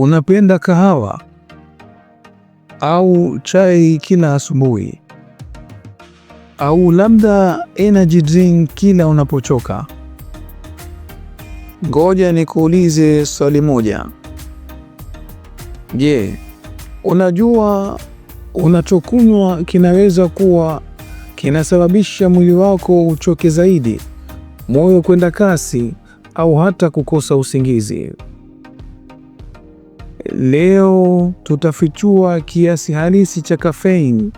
Unapenda kahawa au chai kila asubuhi, au labda energy drink kila unapochoka? Ngoja nikuulize swali moja. Je, unajua unachokunywa kinaweza kuwa kinasababisha mwili wako uchoke zaidi, moyo kwenda kasi, au hata kukosa usingizi? Leo tutafichua kiasi halisi cha kafeini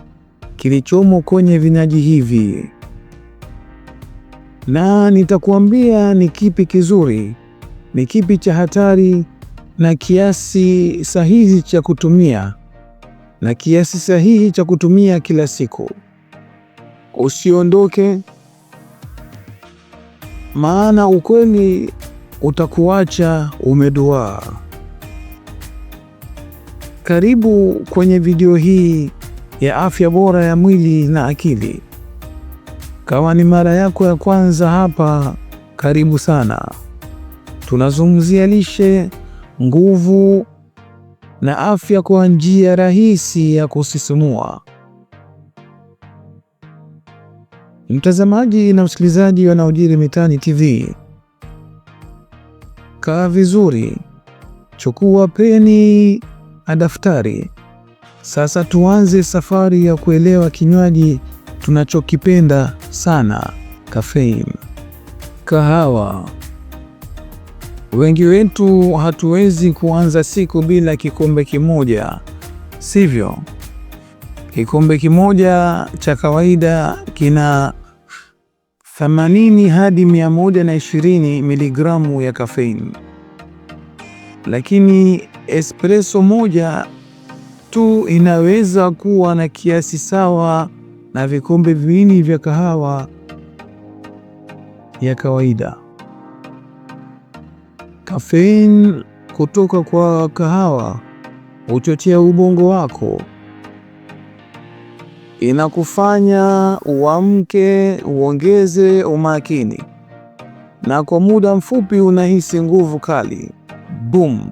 kilichomo kwenye vinywaji hivi, na nitakuambia ni kipi kizuri, ni kipi cha hatari, na kiasi sahihi cha kutumia na kiasi sahihi cha kutumia kila siku. Usiondoke, maana ukweli utakuacha umeduaa. Karibu kwenye video hii ya afya bora ya mwili na akili. Kama ni mara yako ya kwanza hapa, karibu sana. Tunazungumzia lishe, nguvu na afya kwa njia rahisi ya kusisimua. Mtazamaji na msikilizaji yanayojiri mitaani TV, kaa vizuri, chukua peni daftari. Sasa tuanze safari ya kuelewa kinywaji tunachokipenda sana, caffeine. Kahawa. Wengi wetu hatuwezi kuanza siku bila kikombe kimoja, sivyo? Kikombe kimoja cha kawaida kina 80 hadi 120 miligramu ya kafeini, lakini espresso moja tu inaweza kuwa na kiasi sawa na vikombe viwili vya kahawa ya kawaida. Kafein kutoka kwa kahawa huchochea ubongo wako, inakufanya uamke, uongeze umakini, na kwa muda mfupi unahisi nguvu kali boom.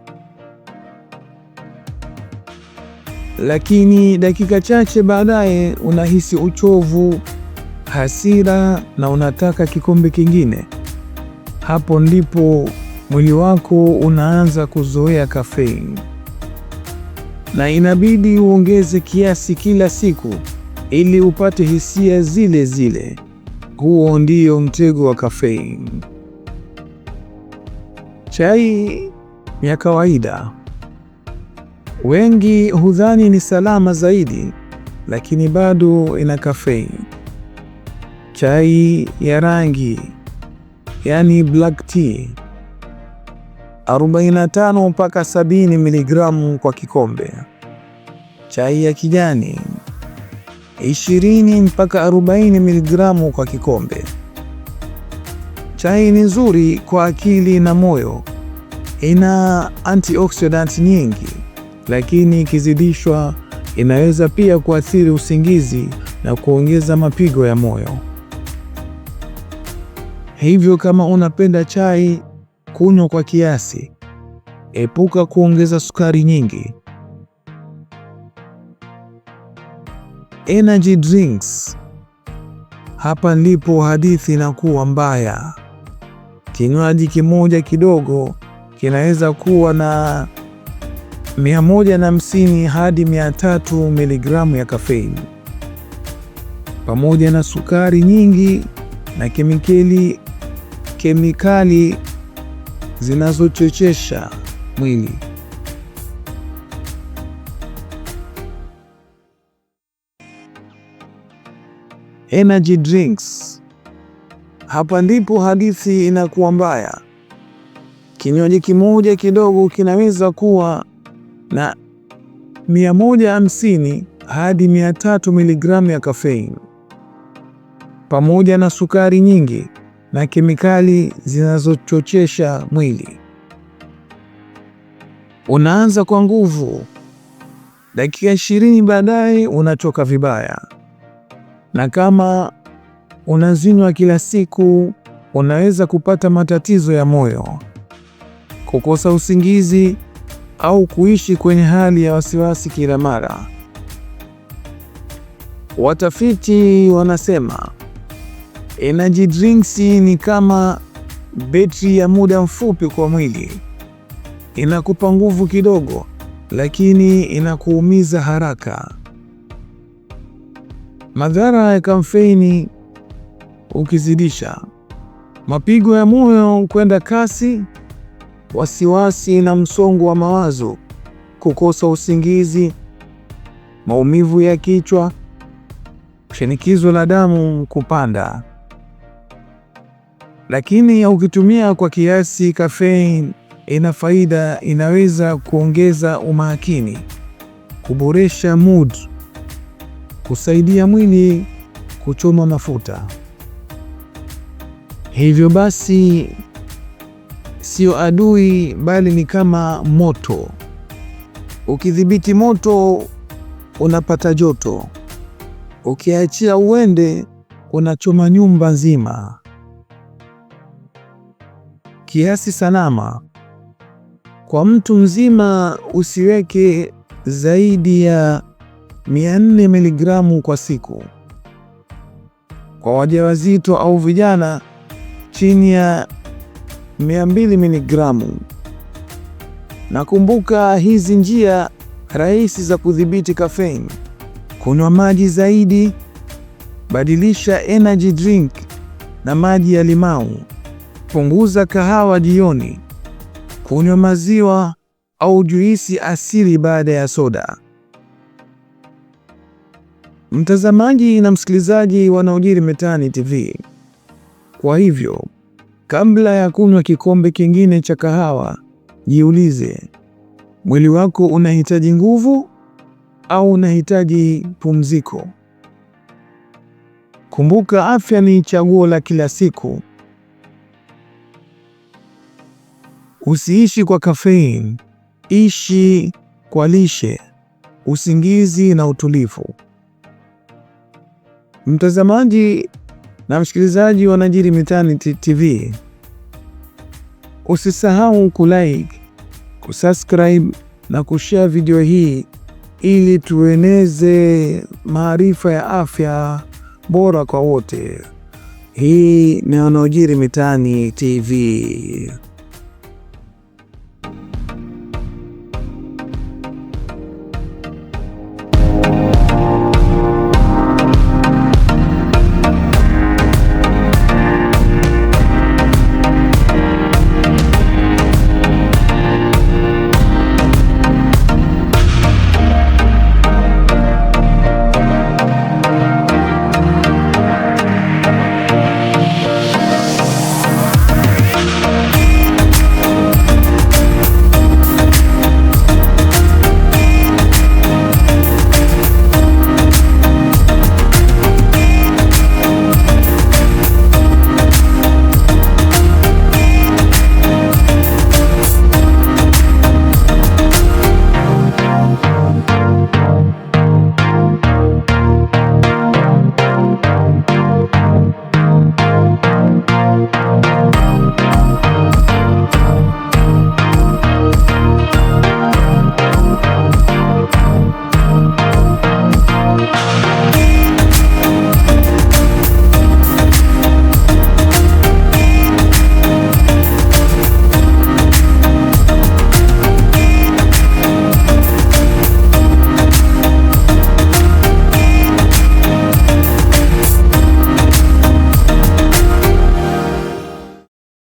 lakini dakika chache baadaye unahisi uchovu, hasira na unataka kikombe kingine. Hapo ndipo mwili wako unaanza kuzoea kafeini na inabidi uongeze kiasi kila siku ili upate hisia zile zile. Huo ndio mtego wa kafeini. Chai ya kawaida. Wengi hudhani ni salama zaidi, lakini bado ina kafeini. Chai ya rangi, yani black tea, 45 mpaka 70 miligramu kwa kikombe. Chai ya kijani 20 mpaka 40 miligramu kwa kikombe. Chai ni nzuri kwa akili na moyo, ina antioxidant nyingi lakini ikizidishwa inaweza pia kuathiri usingizi na kuongeza mapigo ya moyo. Hivyo, kama unapenda chai, kunywa kwa kiasi. Epuka kuongeza sukari nyingi. Energy drinks. Hapa ndipo hadithi inakuwa mbaya. Kinywaji kimoja kidogo kinaweza kuwa na 150 hadi 300 miligramu ya kafeini pamoja na sukari nyingi na kemikali kemikali zinazochochesha mwili. Energy drinks. Hapa ndipo hadithi inakuwa mbaya. Kinywaji kimoja kidogo kinaweza kuwa na 150 hadi 300 miligramu ya kafein pamoja na sukari nyingi na kemikali zinazochochesha mwili. Unaanza kwa nguvu, dakika 20 baadaye unachoka vibaya, na kama unazinywa kila siku, unaweza kupata matatizo ya moyo, kukosa usingizi au kuishi kwenye hali ya wasiwasi kila mara. Watafiti wanasema energy drinks ni kama betri ya muda mfupi kwa mwili. Inakupa nguvu kidogo, lakini inakuumiza haraka. Madhara ya kamfeini: ukizidisha, mapigo ya moyo kwenda kasi wasiwasi na msongo wa mawazo, kukosa usingizi, maumivu ya kichwa, shinikizo la damu kupanda. Lakini ukitumia kwa kiasi, kafein ina faida, inaweza kuongeza umakini, kuboresha mood, kusaidia mwili kuchoma mafuta. Hivyo basi sio adui, bali ni kama moto. Ukidhibiti moto unapata joto, ukiachia uende unachoma nyumba nzima. Kiasi salama kwa mtu mzima, usiweke zaidi ya 400 miligramu kwa siku. Kwa wajawazito au vijana chini ya 200 miligramu. Nakumbuka hizi njia rahisi za kudhibiti kafeini: kunywa maji zaidi, badilisha energy drink na maji ya limau, punguza kahawa jioni, kunywa maziwa au juisi asili baada ya soda. Mtazamaji na msikilizaji wanaojiri mitaani TV, kwa hivyo Kabla ya kunywa kikombe kingine cha kahawa, jiulize, mwili wako unahitaji nguvu au unahitaji pumziko? Kumbuka, afya ni chaguo la kila siku. Usiishi kwa kafein ishi kwa lishe, usingizi na utulivu. Mtazamaji, na msikilizaji wa Yanayojiri Mitaani TV, usisahau kulike, kusubscribe na kushare video hii ili tueneze maarifa ya afya bora kwa wote. Hii ni Yanayojiri Mitaani TV.